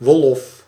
wollof